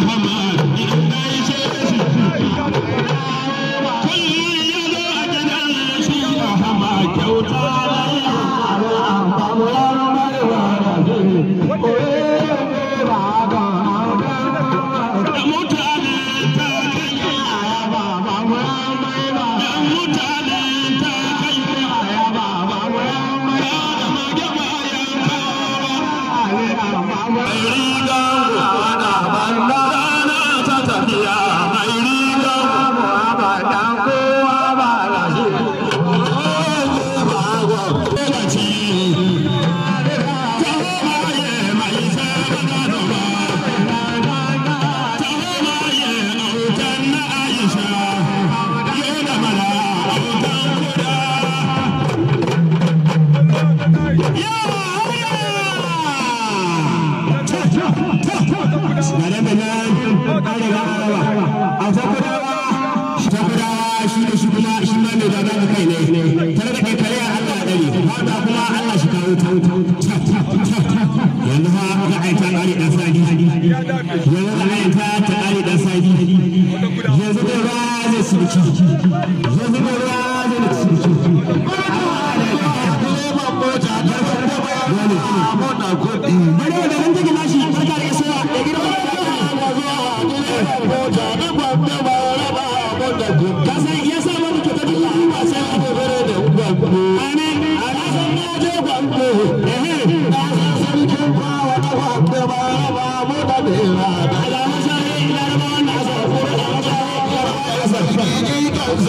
Muhammad. ಕಳೆದ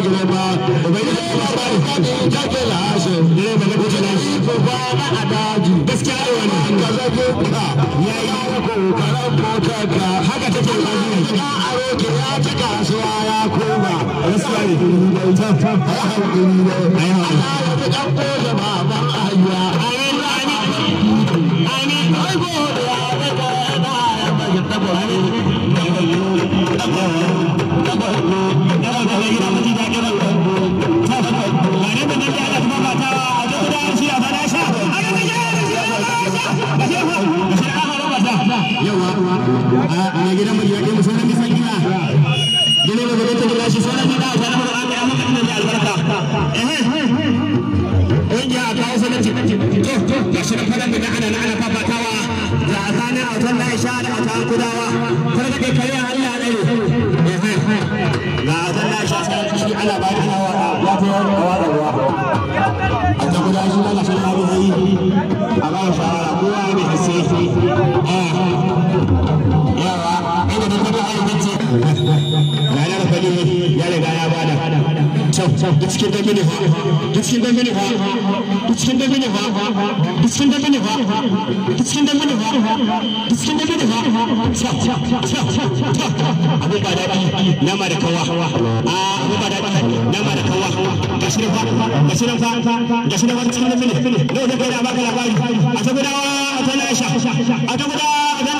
direba daga na kuce na na a daji gaskiya ya kasuwa ya koma da da ana ana fafatawa da a tsana a tsalla isha da a tsakurawa farka kai kare Allah ana ba da hawa ya ta yawon da ruwa a ta guda shi ana shi na ruhoyi a ba shawara kowa mai hasse duk cikin duk cikin duk cikin duk cikin duk cikin da a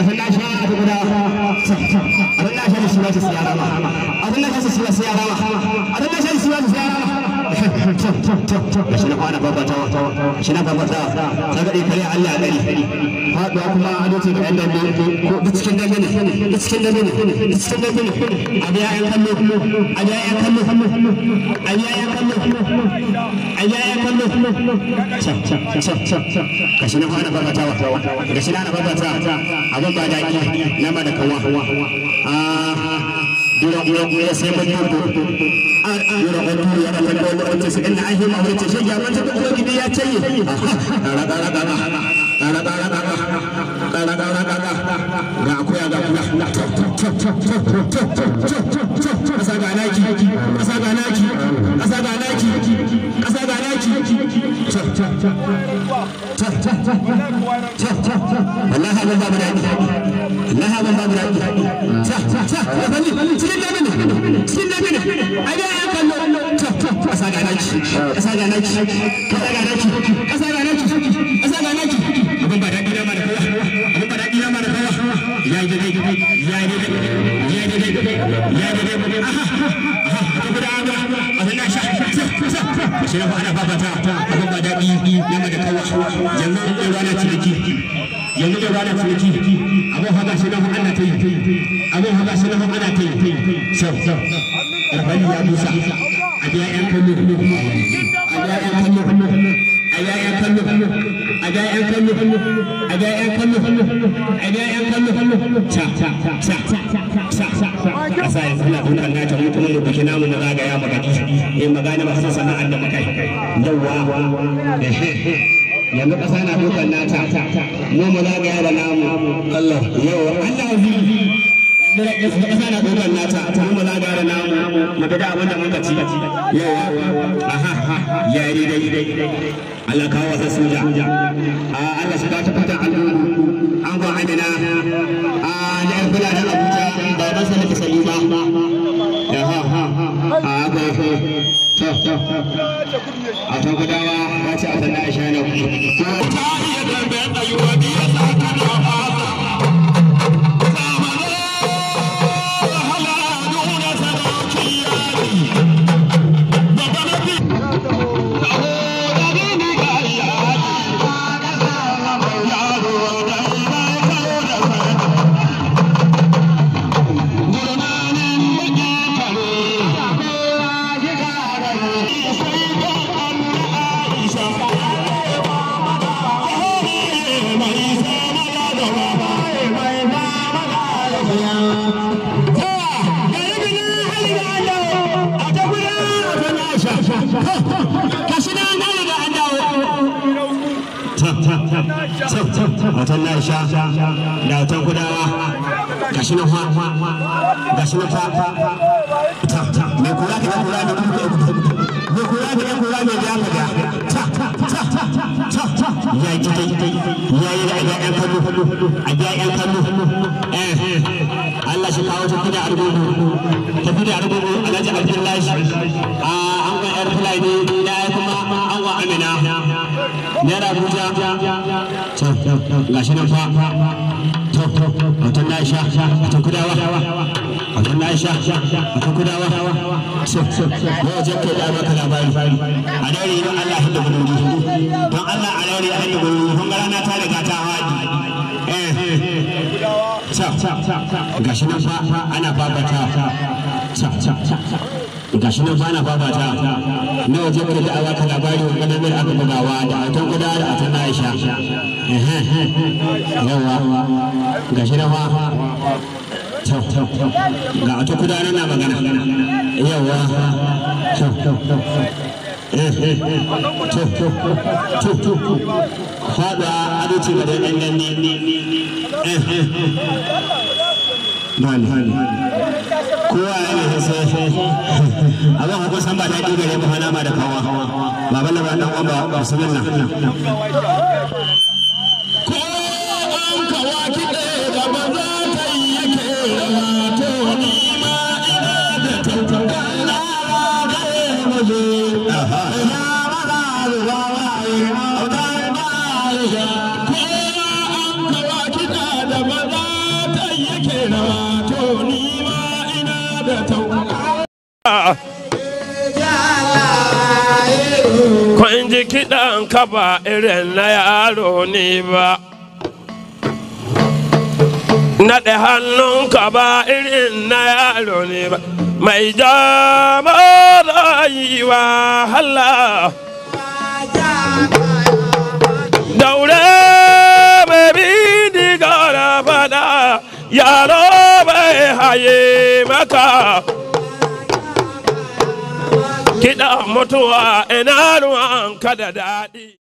abin na shi ya guda abin na shi ya shi ya rama abin na shi gashi na fara babata gashi na babata ta gaɗe kare Allah ɗari faɗuwa kuma a da ɗan dambe ko cikin dambe ne cikin dambe ne cikin dambe ne a biya ƴan kallo a biya kallo a biya kallo a biya ƴan kallo gashi na fara babata gashi na babata abin ba daɗi na ma da kawa ah, sai Asa ga naki, asa ga naki, asa ga naki. wallahi abin babu daɗi wallahi abin babu daɗi cikin damini cikin damini a ga ya kallo ƙasa ga naki ƙasa ga naki ƙasa ga naki ƙasa ga naki ƙasa ga naki abin ba daɗi na mana kowa abin ba daɗi na mana kowa ya yi daidai ya yi daidai ya yi daidai ya yi daidai aha aha shi na ana babata abin ba daɗi yamma da kawa yanzu da rana ciniki yanzu da rana ciniki abin haka shi na ana ta yi abin haka shi na ana ta yi sau rabani ya musa a biya 'yan kallo a biya 'yan kallo a biya 'yan kallo a ja yan kallo a ja yan kallo a ja yan kallo ca ca ca ca ca ca ca asa yanzu na tuna na ta mutum mu biki namu na zagaya magana eh magana ba san sana'ar da muka yi yawwa yanzu kasa na dukan nata mu mu zagaya da namu Allah yau Allah zai ƙasa na namu mu dai Allah kawo wasa soja a Allah shiga ta fata an gwa amina a da yan kula da Abuja ba ba sa da salima a ga a ta gudawa ta ce a sannan a sha ku ta iya kashi na an riga ya ji dai ya yi a ga yan a ga yan kallo Allah shi kawo tafi da argungu tafi da argungu alhaji abdullahi a an ga yar ne na ya kuma an wa amina naira abuja gashi nan fa wato na sha wato kudawa wato na sha wato da maka labari a daure Allah gudun gudu don Allah a a gudun gudu ta riga ta eh, eh. nan ana babata nan babata na waje ka da awaka labari wa kanamin aka da a tan da atan aisha yawa ga shi rafa ga wata kudanar na magana yawa faɗuwa adalci ga ɗan ganni eh, eh, eh. kowa yana hasa abin san ba ta ƙi gare mu hana ma da kawa baban da ba ɗan uwan ba su nan san kaba irin na yaro ne ba naɗe ka ba irin na yaro ne ba mai jama rayuwa hala daure mai bi diga fada yaro bai haye maka da mutuwa ina ruwan ka da daɗi